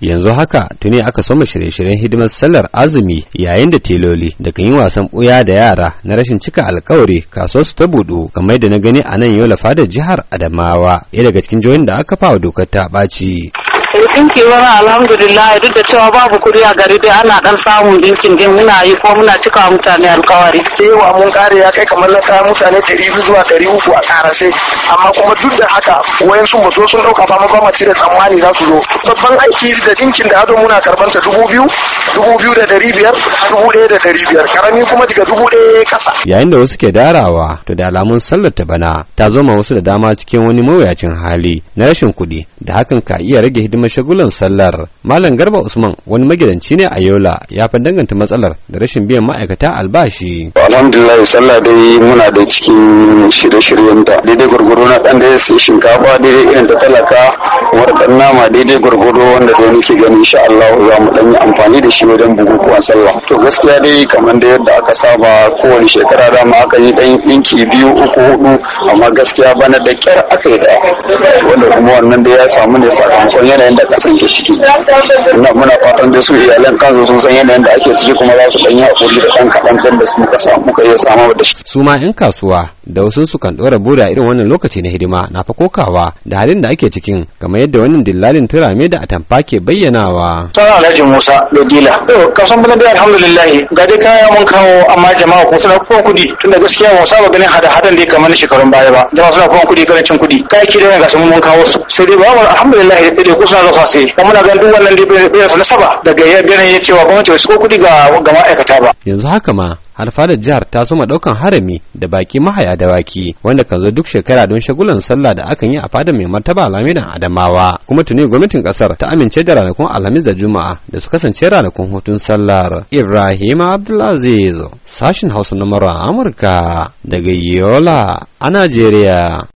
yanzu haka tuni aka soma shirye-shiryen hidimar sallar azumi yayin da teloli da yin yi wasan buya da yara na rashin cika alkawari kasuwar su ta budu kamar da na gani a nan yau da jihar adamawa ya daga cikin joyin da aka fawa dokar ta ɓaci dinki eh, wani alhamdulillah duk da cewa babu kuri a gari dai ana ɗan samun dinkin din muna yi ko muna cika wa mutane alkawari yawa mun kare ya kai kamar na mutane ɗari biyu zuwa ɗari uku a karasai amma kuma duk da haka wayan sun ba sun ɗauka ba ba da tsammani za su zo babban aiki da dinkin da ado muna karɓanta dubu biyu dubu biyu da ɗari biyar dubu ɗaya da ɗari biyar karami kuma daga dubu ɗaya kasa. yayin da wasu ke darawa to da alamun sallar ta bana ta zama wasu da dama cikin wani mawuyacin hali na rashin kuɗi da hakan ka iya rage hidimar shagulan sallar malam garba usman wani magidanci ne a yola ya fi danganta matsalar da rashin biyan ma'aikata albashi alhamdulillah sallah dai muna da cikin shirye-shiryen ta daidai gwargwaro na dan da ya sai shinkafa daidai irin ta talaka dan nama daidai gwargwado wanda dai muke gani insha Allah za mu dan yi amfani da shi wajen bukukuwan sallah to gaskiya dai kamar da yadda aka saba kowane shekara da ma aka yi dan inki biyu uku hudu amma gaskiya bana da kyar aka yi da wanda kuma wannan da ya samu ne sakamakon yanayin da kasan ke ciki ina muna fatan da su iyalan kansu sun san yanayin da ake ciki kuma za su dan yi hakuri da ɗan kaɗan da su muka samu muka iya samu da shi su ma 'yan kasuwa da wasu su kan dora bude irin wannan lokaci na hidima na fa kokawa da halin da ake cikin kamar yadda wannan dillalin turame da atamfa ke bayyanawa. Sana Alhaji Musa Lodila. To kasan bana dai alhamdulillah ga dai kaya mun kawo amma jama'a ko suna kuɗin kuɗi tunda gaskiya ba saba ganin hada-hadan da kamar shekarun baya ba. Jama'a suna kuɗin kuɗi ganin cin kuɗi. Kai ki dai ga sun mun kawo su. Sai dai ba mu alhamdulillah da dai ko suna zuwa sai. Kuma muna ganin duk wannan da ya da nasaba daga yanayin cewa gwamnati ba su kuɗi ga ma'aikata ba. Yanzu haka ma alfadar jihar ta soma daukan harami da baki mahaya da waki wanda kan zo duk shekara don shagulan sallah da akan yi a fadar mai martaba alamidan adamawa kuma tuni gwamnatin kasar ta amince da ranakun alhamis da juma'a da su kasance ranakun hutun sallar ibrahim abdulaziz sashin hausa na amurka daga yola a najeriya